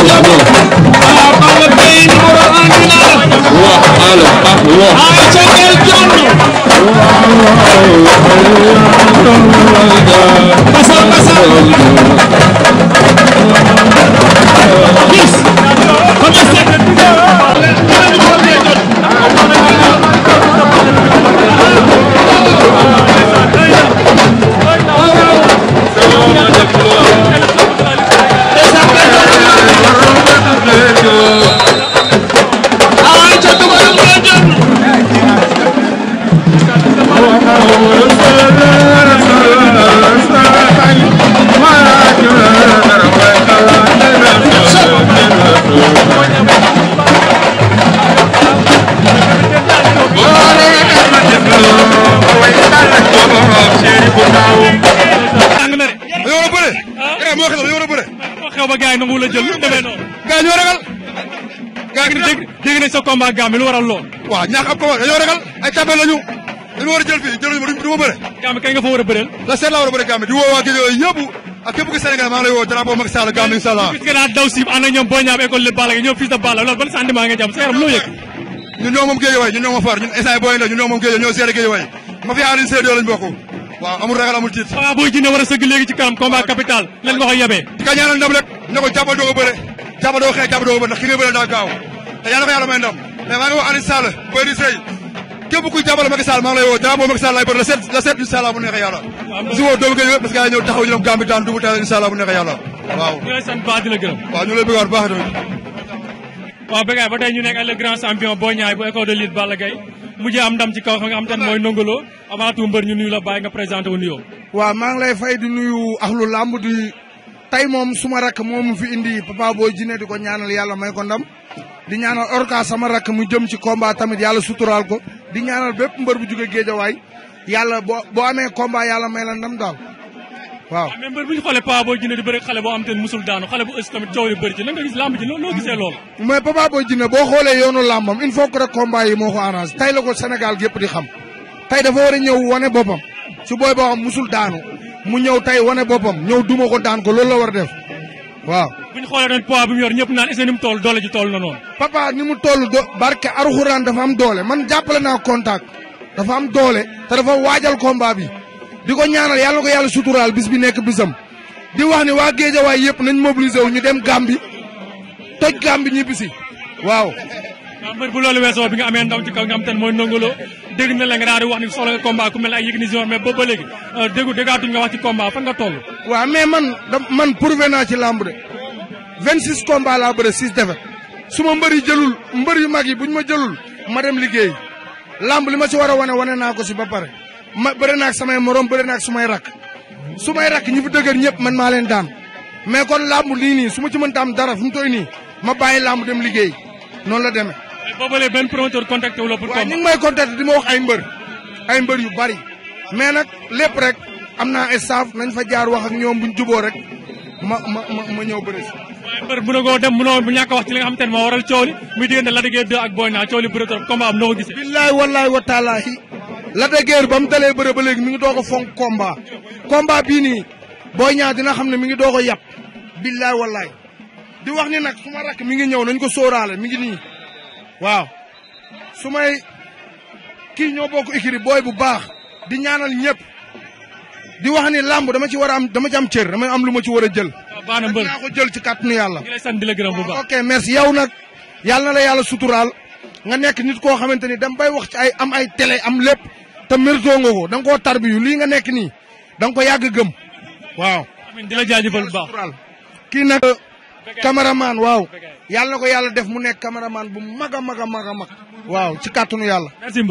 Wow, wow, wow. xew ba gars yi nangu la jël lu mu demee noonu. gars ñoo ragal. gars yi dégg dégg nañ sa combat Gambie lu waral lool. waaw ñaax ab combat dañoo ragal ay tabel lañu dañu war a jël fii jëluñu ma du ma bëre. Gambie kañ nga fa war a bëreel. la seet laa war a bëre Gambie di woo waa Guèye yëpp ak képp ku Sénégal maa ngi lay woo drapeau Macky Sall Gambie incha allah. gis nga daal daw si ànd ak ñoom boo ñaam école de Balla Gaye ñoom fils de Balla loolu ban sentiment nga jàpp sa yaram loo yëg. ñun ñoo moom Guèye waay ñun ñoo ma far ñun instant yi booy la ñun ñoo moom Guèye ñoo seere Guèye waay ma fi aari seedoo lañ bokk waaw amul ragal amul tiit. waaw booy jinne war a sëgg léegi ci kanam combat capital lan nga koy yebee. ka ñaanal ndam rek ne ko jàppal doo ko bëre jàppal doo xee jàppal doo ko bëre ndax ki nga bëre daa gaaw te yàlla ko yàlla may ndam mais maa ngi wax Aliou Sall boy di sëy képp kuy jàppale Macky Sall maa ngi lay woo drapeau Macky Sall laay bëri la seet la seet incha allah bu neexee yàlla si woo doomu gën parce que ay ñëw taxaw ñu dem Gambie daan dubu teel incha allah bu neexee yàlla waaw ñu lay sant baax di la gërëm waaw ñu lay bëgg bu baax tamit waaw ba tey ñu nekk ak le grand champion Boy Niang bu école de lutte Balla Gaye mujjee am ndam ci kaw xam nga am ten mooy Ndongo Lo avant tout mbër ñu nuyu la baay nga présenté wu nuyoo. waaw maa ngi lay fay di nuyu axlu làmb di tey moom suma rakk mu fi indi Papa boo jinee di ko ñaanal yàlla may ko ndam di ñaanal orka sama rakk mu jëm ci combat tamit yàlla suturaal ko di ñaanal bépp mbër bu jóge géejawaay yàlla boo boo amee combat yàlla may la ndam daal. waaw ah, mais mbër bu ñu xoolee Papa Boy Djiné di bëri xale boo am te musul daanu xale bu ës coow li bëri nan nga gis làmb ji noo gisee loolu mais Papa Boy Djiné boo xoolee yoonu làmbam il rek combat yi moo ko arrangé tey la ko gépp di xam tey dafa war a ñëw wane boppam si booy boo xam musul mu ñëw tey wane boppam ñëw duma ko daan ko loolu la war a def waaw bu ñu xoolee doon poids bi mu yor ñëpp naan est-ce que ni mu toll na noonu papa ni mu toll do barke Alxuraan dafa am doole man jàppale naa contact dafa am doole te dafa waajal combat bi di ñaanal yalla ko yalla sutural bis bi nek bisam di wax wa waa way yëpp nañ mobiliser wu ñu dem gambi toj Gàmbi ñibbisi waaw. mbër bu loolu weesoo bi nga amé ndam ci kaw nga tan moy nongolo mooy dégg na la nga daal wax ni solo combat ku mel ay Yékini mais boobu ba léegi euh, déggu déggaatuñ nga wax ci combat fa nga toll. wa mais man man prouvé naa ci lamb de 26 combat la bëre 6 défaites suma mbeuri jëlul mbeuri magi buñ ma jëlul ma dem liggéey lamb li ma ci wara a wane na ko ci ba paré ma bëri naag samay morom bëri nak sumay rakk sumay rakk ñi fi dëgër ñëpp man maa leen daam mais kon làmb lii nii su ma ci mën daam dara fu mu toy nii ma bàyyi làmb dem liggéey noonu la demee. boobale benn promoteur contacté wu la pour. waaw ñu ngi may contacté di ma wax ay mbër ay mbër yu bari mais nak lépp rek am naa staff nañ fa jaar wax ak ñoom buñ juboo rek ma ma ma ñëw bëri si. waaye mbër go dem mënoo ñàkk a wax ci li nga xamante ne moo waral coow li muy diggante Lac de Guiers ak Boy Niang coow li bëri trop combat am no ko gisee. billaahi wallaahi wa taalaahi Lac de Guiers ba mu dalee bëre ba léegi mi ngi doog a fonk combat combat bii nii booy Niang dina xam ne mi ngi doog a yàpp billaay wallaay di wax ni nag su rakk mi ngi ñëw nañ ko sóoraale mi ngi nii waaw su may kii ñoo bokk ikiri booy bu baax di ñaanal ñëpp di wax ni làmb dama ci war a am dama ci am cër dama am lu ma ci war a jël naa ko jël ci kàttanu yàlla ok merci yow nag yàlla na la yàlla suturaal nga nekk nit koo xamante ni dem bay wax ci ay am ay télé am lépp te méritoo nga ko koo tarbiyu lii nga nekk nii da nga ko yàgg gëm waaw. amiin di la kii nag cameraman waaw yàlla na ko yàlla def mu nekk cameraman bu mag a mag a mag a mag waaw ci kàttanu yàlla.